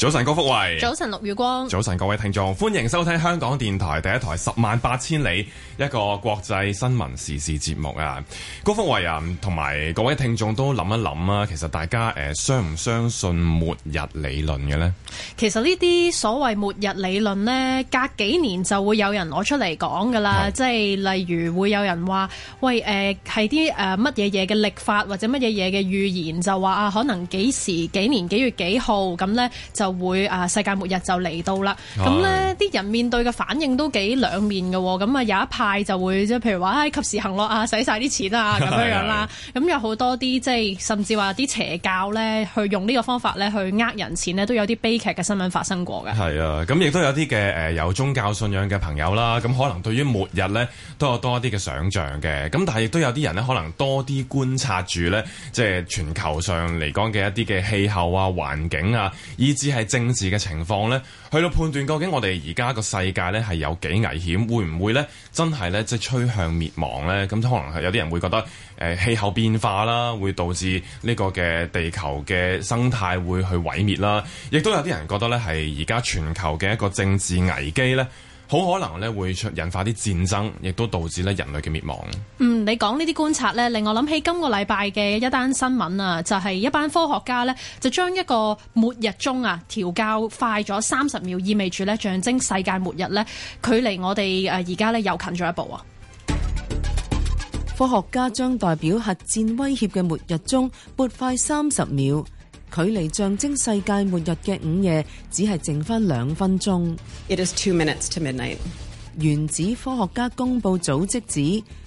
早晨，高福慧。早晨，陸宇光。早晨，各位聽眾，歡迎收聽香港電台第一台《十萬八千里》，一個國際新聞時事節目啊！高福慧啊，同埋各位聽眾都諗一諗啊，其實大家誒、呃，相唔相信末日理論嘅咧？其實呢啲所謂末日理論咧，隔幾年就會有人攞出嚟講噶啦，即係例如會有人話喂誒，係啲誒乜嘢嘢嘅曆法或者乜嘢嘢嘅預言，就話啊，可能幾時幾年幾月幾號咁咧就。會啊！世界末日就嚟到啦，咁呢啲人面對嘅反應都幾兩面嘅，咁啊有一派就會即係譬如話唉及時行樂啊使晒啲錢啊咁 樣樣啦，咁有好多啲即係甚至話啲邪教咧去用呢個方法咧去呃人錢呢，都有啲悲劇嘅新聞發生過嘅。係啊，咁亦都有啲嘅誒有宗教信仰嘅朋友啦，咁可能對於末日咧都有多啲嘅想象嘅，咁但係亦都有啲人呢，可能多啲觀察住咧，即係全球上嚟講嘅一啲嘅氣候啊環境啊，以至，係。政治嘅情況咧，去到判斷究竟我哋而家個世界咧係有幾危險，會唔會咧真係咧即係趨向滅亡呢？咁可能有啲人會覺得，誒、呃、氣候變化啦，會導致呢個嘅地球嘅生態會去毀滅啦，亦都有啲人覺得咧係而家全球嘅一個政治危機咧。好可能咧會出引發啲戰爭，亦都導致咧人類嘅滅亡。嗯，你講呢啲觀察咧，令我諗起今個禮拜嘅一單新聞啊，就係、是、一班科學家呢，就將一個末日鐘啊調校快咗三十秒，意味住咧象徵世界末日呢，距離我哋誒而家咧又近咗一步啊！科學家將代表核戰威脅嘅末日鐘撥快三十秒。距離象徵世界末日嘅午夜，只係剩翻兩分鐘。It is two minutes to midnight. 原子科學家公佈組織指。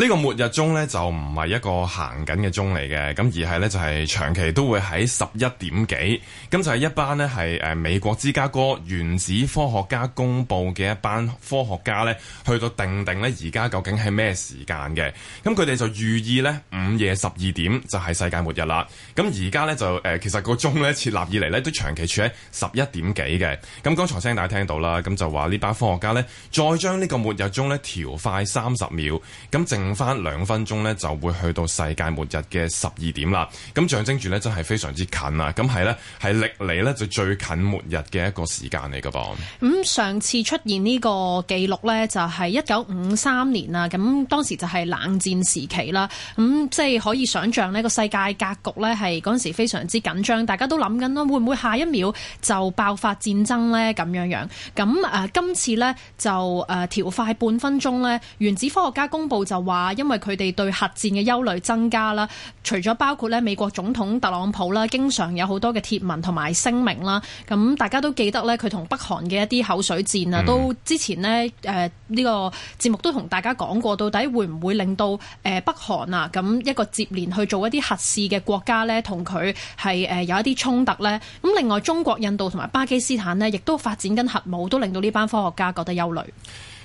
呢個末日鐘呢，就唔係一個行緊嘅鐘嚟嘅，咁而係呢，就係、是、長期都會喺十一點幾，咁就係一班呢，係、呃、美國芝加哥原子科學家公布嘅一班科學家呢，去到定定呢，而家究竟係咩時間嘅，咁佢哋就寓意呢，午夜十二點就係世界末日啦。咁而家呢，就、呃、其實個鐘呢，設立以嚟呢，都長期處喺十一點幾嘅，咁剛才聲大家聽到啦，咁就話呢班科學家呢，再將呢個末日鐘呢調快三十秒，咁翻兩分鐘呢，就會去到世界末日嘅十二點啦。咁象徵住呢，真係非常之近啦。咁係呢，係歷嚟呢，就最近末日嘅一個時間嚟噶噃。咁、嗯、上次出現呢個記錄呢，就係一九五三年啊。咁當時就係冷戰時期啦。咁即係可以想象呢個世界格局呢，係嗰陣時非常之緊張，大家都諗緊咯，會唔會下一秒就爆發戰爭呢？咁樣樣。咁誒、呃，今次呢，就誒調快半分鐘呢，原子科學家公布就話。啊！因為佢哋對核戰嘅憂慮增加啦，除咗包括咧美國總統特朗普啦，經常有好多嘅貼文同埋聲明啦，咁大家都記得咧，佢同北韓嘅一啲口水戰啊、嗯，都之前呢，誒、呃、呢、呢個節目都同大家講過，到底會唔會令到誒北韓啊咁一個接連去做一啲核試嘅國家咧，同佢係誒有一啲衝突咧？咁另外中國、印度同埋巴基斯坦呢，亦都發展緊核武，都令到呢班科學家覺得憂慮。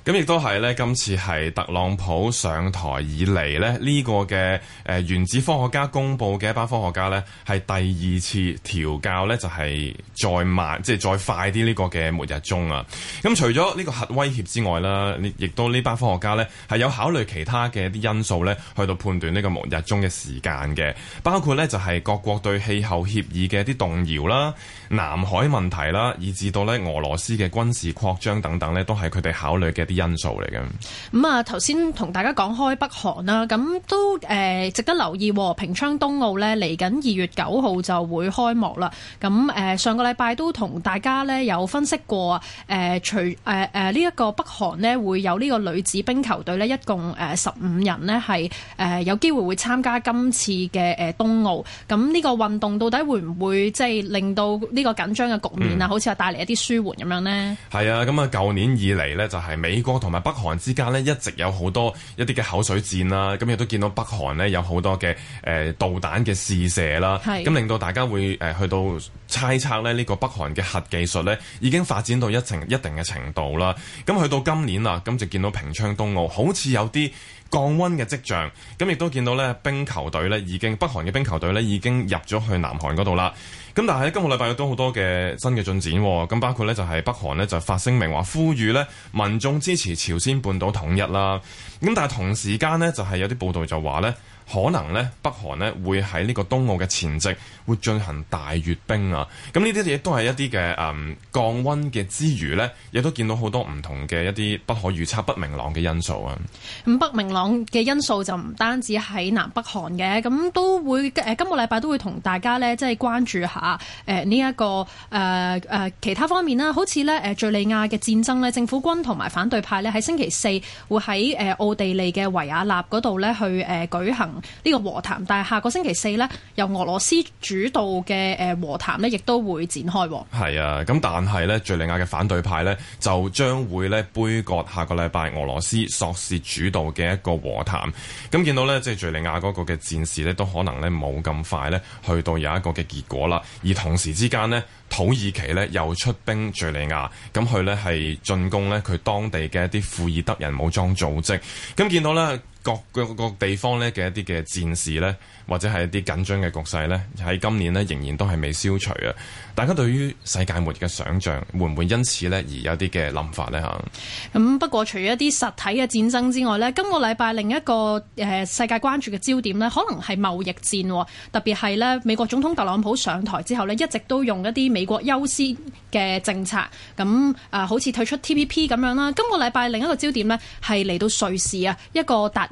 咁亦都係咧，今次係特朗普上台以嚟咧呢、這個嘅誒、呃、原子科學家公布嘅一班科學家咧，係第二次調校咧就係、是、再慢，即、就、係、是、再快啲呢個嘅末日鐘啊！咁、嗯、除咗呢個核威脅之外啦，亦都呢班科學家咧係有考慮其他嘅一啲因素咧，去到判斷呢個末日鐘嘅時間嘅，包括咧就係、是、各國對氣候協議嘅一啲動搖啦、南海問題啦，以至到咧俄羅斯嘅軍事擴張等等咧，都係佢哋考慮嘅啲，因素嚟嘅，咁、嗯、啊，頭先同大家講開北韓啦，咁都誒、呃、值得留意。平昌冬奧咧嚟緊二月九號就會開幕啦。咁誒、呃、上個禮拜都同大家咧有分析過，誒、呃、除誒誒呢一個北韓咧會有呢個女子冰球隊咧，一共誒十五人咧係誒有機會會參加今次嘅誒冬奧。咁呢個運動到底會唔會即係令到呢個緊張嘅局面、嗯、啊？好似係帶嚟一啲舒緩咁樣咧？係啊，咁啊，舊年以嚟咧就係美。國同埋北韓之間咧，一直有好多一啲嘅口水戰啦，咁亦都見到北韓呢有好多嘅誒導彈嘅試射啦，咁令到大家會誒去到猜測咧呢個北韓嘅核技術呢已經發展到一程一定嘅程度啦。咁去到今年啦，咁就見到平昌冬奧好似有啲降温嘅跡象，咁亦都見到呢冰球隊呢已經北韓嘅冰球隊呢已經入咗去南韓嗰度啦。咁但係今個禮拜亦都好多嘅新嘅進展，咁包括呢就係北韓呢，就發聲明話呼籲呢民眾支持朝鮮半島統一啦，咁但係同時間呢，就係有啲報道就話呢，可能呢北韓呢會喺呢個冬奧嘅前夕，會進行大閱兵啊！咁呢啲嘢都係一啲嘅誒降溫嘅之餘呢亦都見到好多唔同嘅一啲不可預測、不明朗嘅因素啊！咁、嗯、不明朗嘅因素就唔單止喺南北韓嘅，咁都會、呃、今個禮拜都會同大家呢，即係關注下誒呢一個誒、呃呃、其他方面啦，好似呢誒敘、呃、利亞嘅戰爭呢政府軍同埋反對派呢，喺星期四會喺誒、呃、奧地利嘅維也納嗰度呢去誒、呃、舉行。呢、這個和談，但係下個星期四呢，由俄羅斯主導嘅誒、呃、和談呢，亦都會展開。係啊，咁但係呢，敍利亞嘅反對派呢，就將會呢，杯葛下個禮拜俄羅斯索士主導嘅一個和談。咁見到呢，即係敍利亞嗰個嘅戰事呢，都可能呢冇咁快呢去到有一個嘅結果啦。而同時之間呢，土耳其呢又出兵敍利亞，咁佢呢，係進攻呢，佢當地嘅一啲庫爾德人武裝組織。咁見到呢。各個各個地方呢嘅一啲嘅戰事呢，或者係一啲緊張嘅局勢呢，喺今年呢仍然都係未消除啊！大家對於世界末日嘅想像，會唔會因此呢而有啲嘅諗法呢？嚇？咁不過除咗一啲實體嘅戰爭之外呢，今個禮拜另一個誒世界關注嘅焦點呢，可能係貿易戰，特別係呢美國總統特朗普上台之後呢，一直都用一啲美國優先嘅政策，咁啊好似退出 TPP 咁樣啦。今個禮拜另一個焦點呢，係嚟到瑞士啊，一個達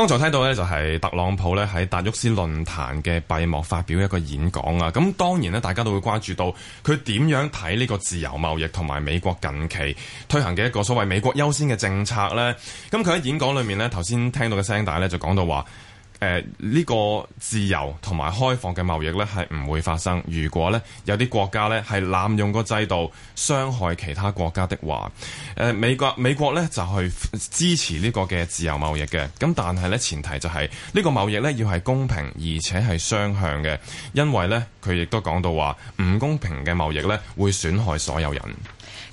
剛才聽到咧就係特朗普咧喺達沃斯論壇嘅閉幕發表一個演講啊，咁當然咧大家都會關注到佢點樣睇呢個自由貿易同埋美國近期推行嘅一個所謂美國優先嘅政策呢。咁佢喺演講裏面呢，頭先聽到嘅聲帶咧就講到話。誒、呃、呢個自由同埋開放嘅貿易呢係唔會發生。如果呢有啲國家呢係濫用個制度傷害其他國家的話，誒、呃、美國美國呢就去支持呢個嘅自由貿易嘅。咁但係呢前提就係，呢個貿易呢要係公平而且係雙向嘅，因為呢佢亦都講到話唔公平嘅貿易呢會損害所有人。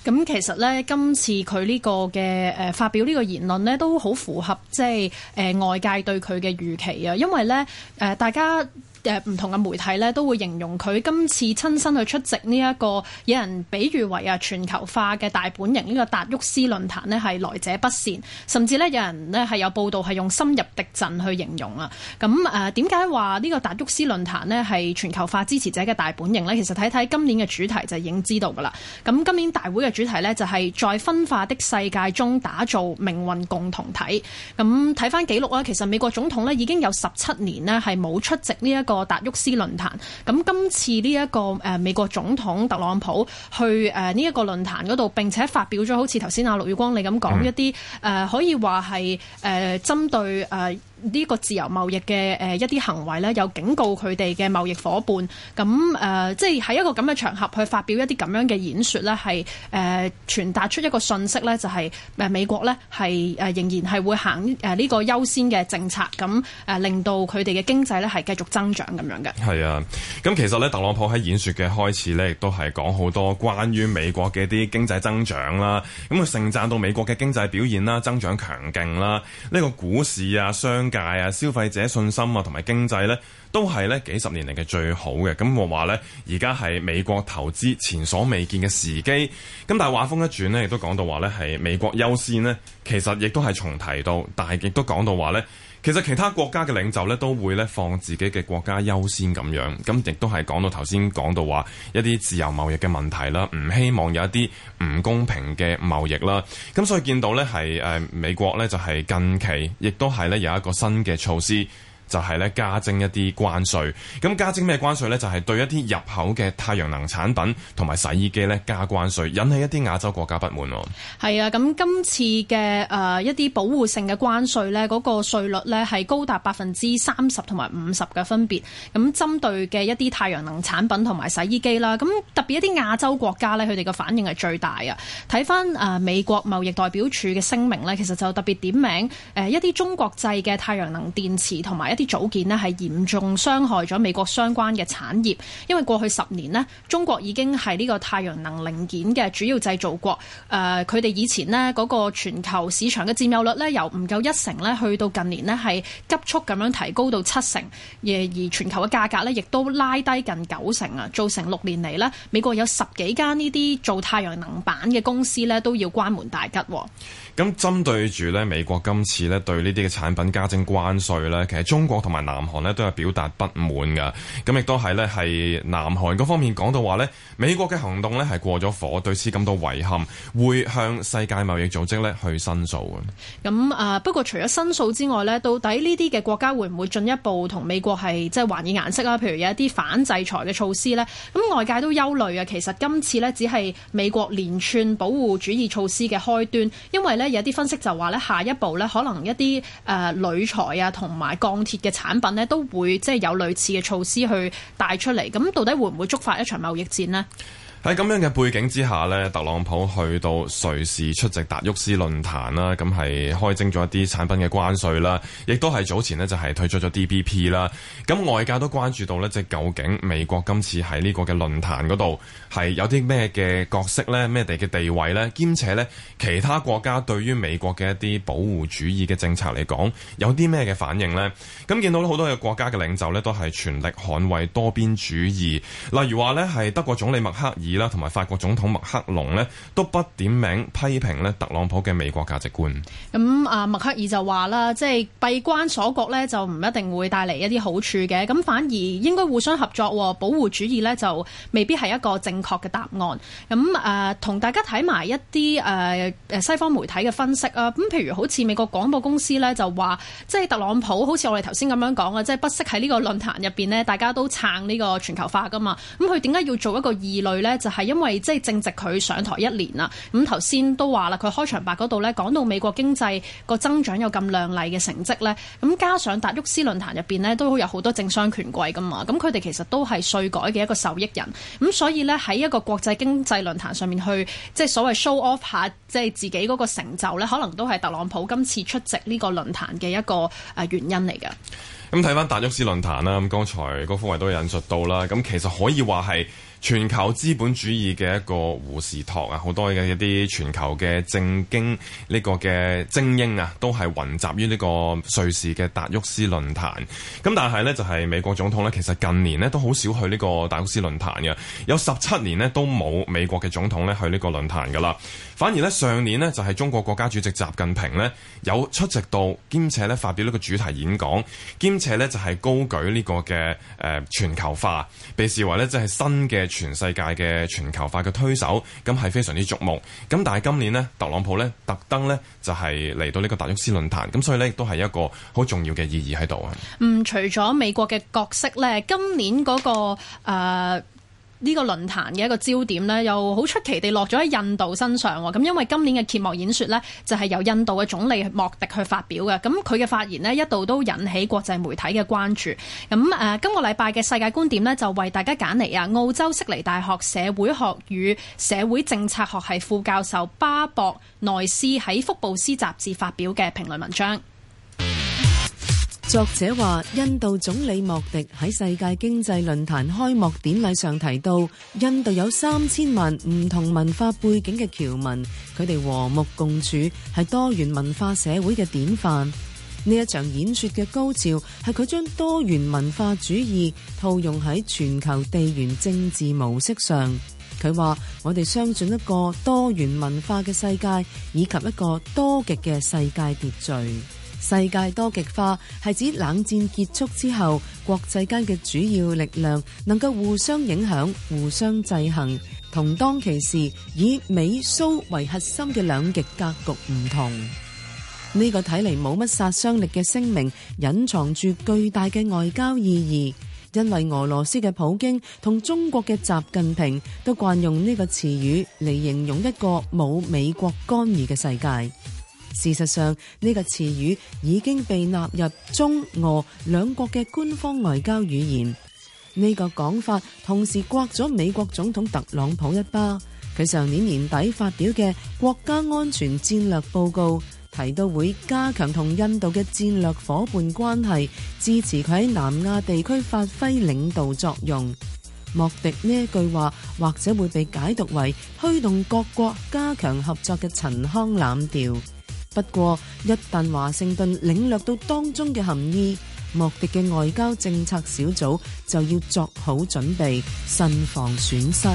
咁其實咧，今次佢呢個嘅誒、呃、發表呢個言論咧，都好符合即係誒外界對佢嘅預期啊，因為咧誒、呃、大家。誒唔同嘅媒體呢都會形容佢今次親身去出席呢一個有人比喻為啊全球化嘅大本營呢個達沃斯論壇呢係來者不善，甚至呢有人呢係有報道係用深入敵陣去形容啊。咁誒點解話呢個達沃斯論壇呢係全球化支持者嘅大本營呢？其實睇睇今年嘅主題就已經知道㗎啦。咁今年大會嘅主題呢、就係，就係在分化的世界中打造命運共同體。咁睇翻記錄啊，其實美國總統呢已經有十七年呢係冇出席呢、呢、一個達沃斯論壇，咁今次呢、這、一個誒、呃、美國總統特朗普去誒呢一個論壇嗰度，並且發表咗好似頭先阿陸耀光你咁講、嗯、一啲誒、呃、可以話係誒針對誒。呃呢個自由貿易嘅誒一啲行為咧，有警告佢哋嘅貿易夥伴，咁誒、呃，即係喺一個咁嘅場合去發表一啲咁樣嘅演說咧，係誒、呃、傳達出一個信息咧，就係、是、誒美國咧係誒仍然係會行誒呢個優先嘅政策，咁誒令到佢哋嘅經濟咧係繼續增長咁樣嘅。係啊，咁其實咧，特朗普喺演說嘅開始咧，亦都係講好多關於美國嘅一啲經濟增長啦，咁佢盛讚到美國嘅經濟表現啦，增長強勁啦，呢、這個股市啊，商界啊，消費者信心啊，同埋經濟呢，都係呢幾十年嚟嘅最好嘅。咁我話呢，而家係美國投資前所未見嘅時機。咁但係話風一轉呢，亦都講到話呢，係美國優先呢。其實亦都係重提到，但係亦都講到話呢。其實其他國家嘅領袖咧都會咧放自己嘅國家優先咁樣，咁亦都係講到頭先講到話一啲自由貿易嘅問題啦，唔希望有一啲唔公平嘅貿易啦，咁所以見到咧係誒美國咧就係近期亦都係咧有一個新嘅措施。就係咧加徵一啲關稅，咁加徵咩關稅咧？就係對一啲入口嘅太陽能產品同埋洗衣機咧加關稅，引起一啲亞洲國家不滿喎。係啊，咁今次嘅誒一啲保護性嘅關稅咧，嗰個稅率咧係高達百分之三十同埋五十嘅分別，咁針對嘅一啲太陽能產品同埋洗衣機啦，咁特別一啲亞洲國家咧，佢哋嘅反應係最大啊。睇翻誒美國貿易代表處嘅聲明咧，其實就特別點名誒一啲中國製嘅太陽能電池同埋啲組件呢係嚴重傷害咗美國相關嘅產業，因為過去十年呢，中國已經係呢個太陽能零件嘅主要製造國。誒、呃，佢哋以前呢嗰個全球市場嘅占有率呢，由唔夠一成呢去到近年呢係急速咁樣提高到七成，而而全球嘅價格呢亦都拉低近九成啊，造成六年嚟呢，美國有十幾間呢啲做太陽能板嘅公司呢都要關門大吉。咁針對住咧美國今次咧對呢啲嘅產品加徵關稅咧，其實中國同埋南韓呢都有表達不滿噶。咁亦都係呢，係南韓嗰方面講到話呢美國嘅行動呢係過咗火，對此感到遺憾，會向世界貿易組織呢去申訴嘅。咁啊、呃，不過除咗申訴之外呢，到底呢啲嘅國家會唔會進一步同美國係即係還以顏色啊？譬如有一啲反制裁嘅措施呢？咁外界都憂慮啊。其實今次呢，只係美國連串保護主義措施嘅開端，因為呢有啲分析就話咧，下一步咧，可能一啲誒鋁材啊，同埋鋼鐵嘅產品咧，都會即係有類似嘅措施去帶出嚟。咁到底會唔會觸發一場貿易戰呢？喺咁樣嘅背景之下咧，特朗普去到瑞士出席達沃斯論壇啦，咁係開徵咗一啲產品嘅關稅啦，亦都係早前咧就係退出咗 TPP 啦。咁外界都關注到咧，即係究竟美國今次喺呢個嘅論壇度係有啲咩嘅角色咧，咩地嘅地位咧，兼且咧其他國家對於美國嘅一啲保護主義嘅政策嚟講有啲咩嘅反應咧？咁見到好多嘅國家嘅領袖咧都係全力捍衛多邊主義，例如話咧係德國總理默克爾。同埋法國總統麥克龍咧都不點名批評咧特朗普嘅美國價值觀。咁啊，默克爾就話啦，即係閉關鎖國呢，就唔一定會帶嚟一啲好處嘅，咁反而應該互相合作。保護主義呢，就未必係一個正確嘅答案。咁誒，同大家睇埋一啲誒誒西方媒體嘅分析啊。咁譬如好似美國廣播公司呢，就話，即係特朗普好似我哋頭先咁樣講啊，即係不惜喺呢個論壇入邊呢，大家都撐呢個全球化噶嘛。咁佢點解要做一個異類呢？就係因為即係正值佢上台一年啦，咁頭先都話啦，佢開場白嗰度咧，講到美國經濟個增長有咁靚麗嘅成績呢。咁加上達沃斯論壇入邊呢，都有好多政商權貴噶嘛，咁佢哋其實都係稅改嘅一個受益人，咁所以呢，喺一個國際經濟論壇上面去，即係所謂 show off 下，即係自己嗰個成就呢，可能都係特朗普今次出席呢個論壇嘅一個啊原因嚟噶。咁睇翻達沃斯論壇啦，咁剛才高鋒維都引述到啦，咁其實可以話係。全球資本主義嘅一個胡士托啊，好多嘅一啲全球嘅政經呢、這個嘅精英啊，都係雲集於呢個瑞士嘅達沃斯論壇，咁但係咧就係、是、美國總統咧，其實近年咧都好少去呢個達沃斯論壇嘅，有十七年咧都冇美國嘅總統咧去呢個論壇噶啦。反而咧上年咧就係、是、中國國家主席習近平咧有出席到，兼且咧發表呢個主題演講兼且咧就係、是、高舉呢個嘅誒、呃、全球化，被視為咧即係新嘅。全世界嘅全球化嘅推手，咁係非常之矚目。咁但係今年呢，特朗普呢，特登呢，就係嚟到呢個達沃斯論壇，咁所以呢都係一個好重要嘅意義喺度啊。嗯，除咗美國嘅角色咧，今年嗰個、那個、呃呢個論壇嘅一個焦點呢，又好出奇地落咗喺印度身上喎。咁因為今年嘅揭幕演說呢，就係由印度嘅總理莫迪去發表嘅。咁佢嘅發言呢，一度都引起國際媒體嘅關注。咁誒，今個禮拜嘅世界觀點呢，就為大家揀嚟啊，澳洲悉尼大學社會學與社會政策學系副教授巴博內斯喺福布斯雜誌發表嘅評論文章。作者話，印度總理莫迪喺世界經濟論壇開幕典禮上提到，印度有三千萬唔同文化背景嘅僑民，佢哋和睦共處係多元文化社會嘅典範。呢一場演說嘅高潮係佢將多元文化主義套用喺全球地緣政治模式上。佢話：我哋相信一個多元文化嘅世界，以及一個多極嘅世界秩序。世界多極化係指冷戰結束之後，國際間嘅主要力量能夠互相影響、互相制衡，同當其時以美蘇為核心嘅兩極格局唔同。呢個睇嚟冇乜殺傷力嘅聲明，隱藏住巨大嘅外交意義，因為俄羅斯嘅普京同中國嘅習近平都慣用呢個詞語嚟形容一個冇美國干預嘅世界。事實上，呢、這個詞語已經被納入中俄兩國嘅官方外交語言。呢、這個講法同時摑咗美國總統特朗普一巴。佢上年年底發表嘅國家安全戰略報告提到，會加強同印度嘅戰略伙伴關係，支持佢喺南亞地區發揮領導作用。莫迪呢一句話或者會被解讀為推動各國加強合作嘅陳腔濫調。不過，一旦華盛頓領略到當中嘅含義，莫迪嘅外交政策小組就要作好準備，慎防損失。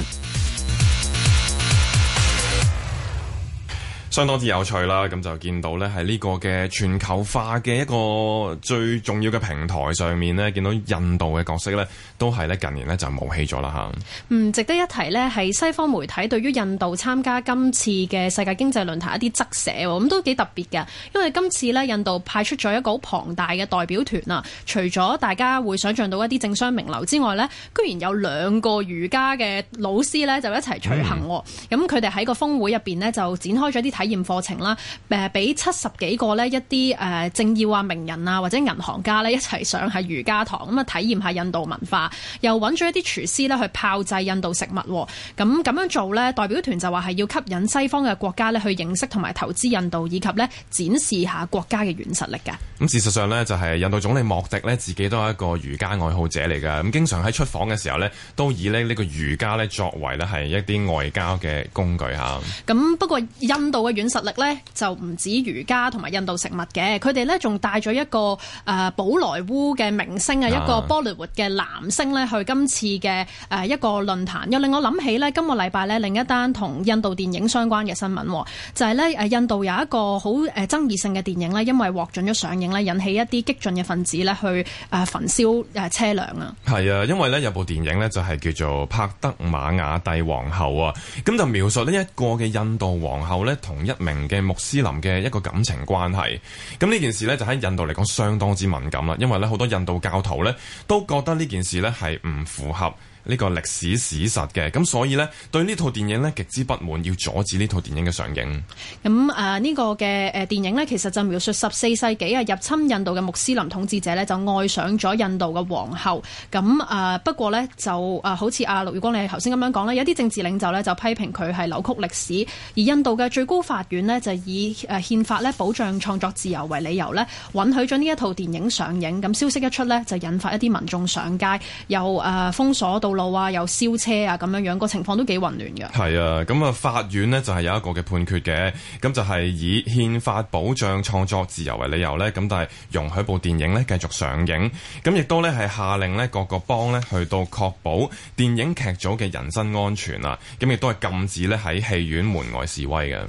相當之有趣啦，咁就見到咧，喺呢個嘅全球化嘅一個最重要嘅平台上面呢，見到印度嘅角色咧。都係咧，近年咧就冇氣咗啦吓，嗯，值得一提呢，係西方媒體對於印度參加今次嘅世界經濟論壇一啲側寫，咁都幾特別嘅。因為今次呢，印度派出咗一個好龐大嘅代表團啊。除咗大家會想像到一啲政商名流之外呢，居然有兩個瑜伽嘅老師呢，就一齊隨行。咁佢哋喺個峰會入邊呢，就展開咗啲體驗課程啦。誒，俾七十幾個呢，一啲誒政要啊、名人啊或者銀行家呢，一齊上下瑜伽堂咁啊體驗下印度文化。又揾咗一啲廚師咧去炮製印度食物，咁咁樣做呢，代表團就話係要吸引西方嘅國家咧去認識同埋投資印度，以及咧展示下國家嘅軟實力嘅。咁事實上呢，就係印度總理莫迪呢，自己都係一個瑜伽愛好者嚟㗎，咁經常喺出訪嘅時候呢，都以咧呢個瑜伽咧作為咧係一啲外交嘅工具嚇。咁不過印度嘅軟實力呢，就唔止瑜伽同埋印度食物嘅，佢哋呢，仲帶咗一個誒、呃、寶萊塢嘅明星啊，一個波雷活嘅男，升呢去今次嘅誒一個論壇，又令我諗起咧今個禮拜咧另一單同印度電影相關嘅新聞，就係咧誒印度有一個好誒爭議性嘅電影咧，因為獲准咗上映咧，引起一啲激進嘅分子咧去誒焚燒誒車輛啊！係啊，因為咧有部電影咧就係叫做《帕德瑪雅帝皇后》啊，咁就描述呢一個嘅印度皇后咧同一名嘅穆斯林嘅一個感情關係，咁呢件事咧就喺印度嚟講相當之敏感啦，因為咧好多印度教徒咧都覺得呢件事，咧係唔符合。呢、這個歷史史實嘅，咁所以呢，對呢套電影呢極之不滿，要阻止呢套電影嘅上映。咁誒呢個嘅誒、呃、電影呢，其實就描述十四世紀啊入侵印度嘅穆斯林統治者呢，就愛上咗印度嘅皇后。咁、嗯、誒、呃、不過呢，就誒、呃、好似阿盧宇光，你頭先咁樣講啦，有啲政治領袖呢就批評佢係扭曲歷史，而印度嘅最高法院呢，就以誒、呃、憲法呢保障創作自由為理由呢，允許咗呢一套電影上映。咁、嗯、消息一出呢，就引發一啲民眾上街，又誒、呃、封鎖到路啊，又燒車啊，咁樣樣個情況都幾混亂嘅。係啊，咁啊，法院呢就係有一個嘅判決嘅，咁就係以憲法保障創作自由為理由呢。咁但係容許部電影呢繼續上映，咁亦都呢係下令呢各個幫呢去到確保電影劇組嘅人身安全啊。咁亦都係禁止呢喺戲院門外示威嘅。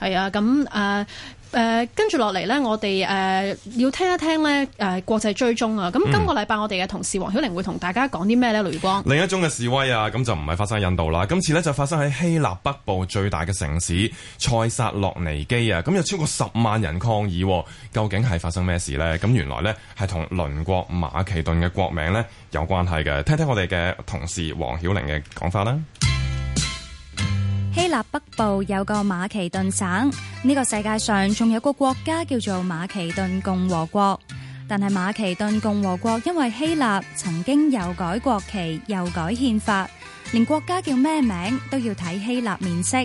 係啊，咁誒。Uh, 誒跟住落嚟呢，我哋誒、呃、要聽一聽呢誒、呃、國際追蹤啊！咁今個禮拜、嗯、我哋嘅同事黃曉玲會同大家講啲咩呢？雷光另一宗嘅示威啊，咁就唔係發生喺印度啦。今次呢，就發生喺希臘北部最大嘅城市塞薩洛尼基啊！咁有超過十萬人抗議，啊，究竟係發生咩事呢？咁原來呢，係同鄰國馬其頓嘅國名呢有關係嘅。聽聽我哋嘅同事黃曉玲嘅講法啦。希臘北部有個馬其頓省。呢個世界上仲有個國家叫做馬其頓共和國，但係馬其頓共和國因為希臘曾經又改國旗又改憲法，連國家叫咩名都要睇希臘面色。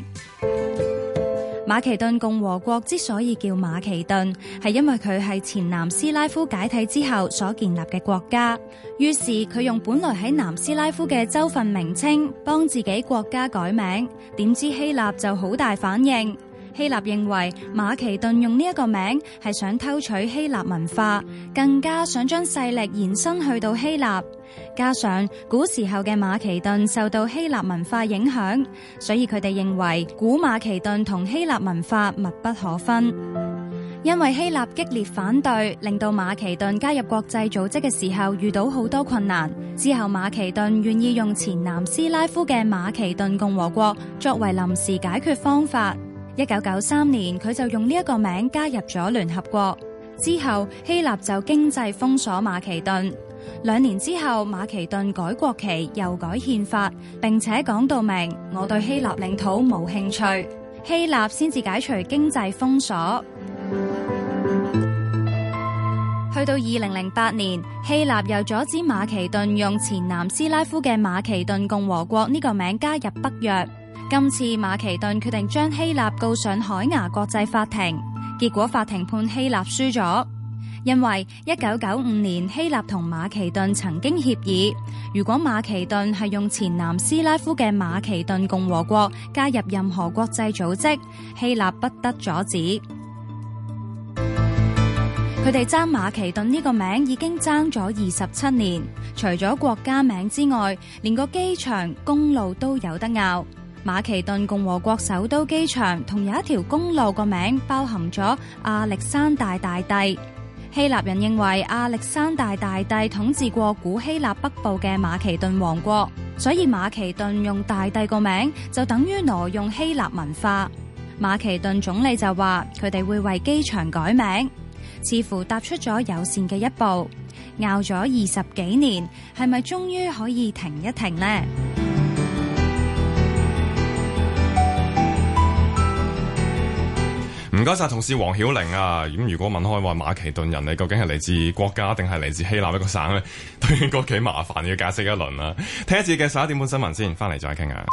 馬其頓共和國之所以叫馬其頓，係因為佢係前南斯拉夫解體之後所建立嘅國家，於是佢用本來喺南斯拉夫嘅州份名稱幫自己國家改名，點知希臘就好大反應。希臘認為馬其頓用呢一個名係想偷取希臘文化，更加想將勢力延伸去到希臘。加上古時候嘅馬其頓受到希臘文化影響，所以佢哋認為古馬其頓同希臘文化密不可分。因為希臘激烈反對，令到馬其頓加入國際組織嘅時候遇到好多困難。之後馬其頓願意用前南斯拉夫嘅馬其頓共和國作為臨時解決方法。一九九三年，佢就用呢一個名加入咗聯合國。之後，希臘就經濟封鎖馬其頓。兩年之後，馬其頓改國旗，又改憲法，並且講到明，我對希臘領土冇興趣。希臘先至解除經濟封鎖。去到二零零八年，希臘又阻止馬其頓用前南斯拉夫嘅馬其頓共和國呢個名加入北約。今次馬其頓決定將希臘告上海牙國際法庭，結果法庭判希臘輸咗，因為一九九五年希臘同馬其頓曾經協議，如果馬其頓係用前南斯拉夫嘅馬其頓共和國加入任何國際組織，希臘不得阻止。佢哋爭馬其頓呢個名已經爭咗二十七年，除咗國家名之外，連個機場、公路都有得拗。馬其頓共和國首都機場同有一條公路個名包含咗亞歷山大大帝。希臘人認為亞歷山大大帝統治過古希臘北部嘅馬其頓王國，所以馬其頓用大帝個名就等於挪用希臘文化。馬其頓總理就話佢哋會為機場改名，似乎踏出咗友善嘅一步。拗咗二十幾年，係咪終於可以停一停呢？唔該曬同事黃曉玲啊，咁如果問開話馬其頓人，你究竟係嚟自國家定係嚟自希臘一個省咧，都應該幾麻煩要解釋一輪啦、啊。聽一節嘅十一點半新聞先，翻嚟再傾下。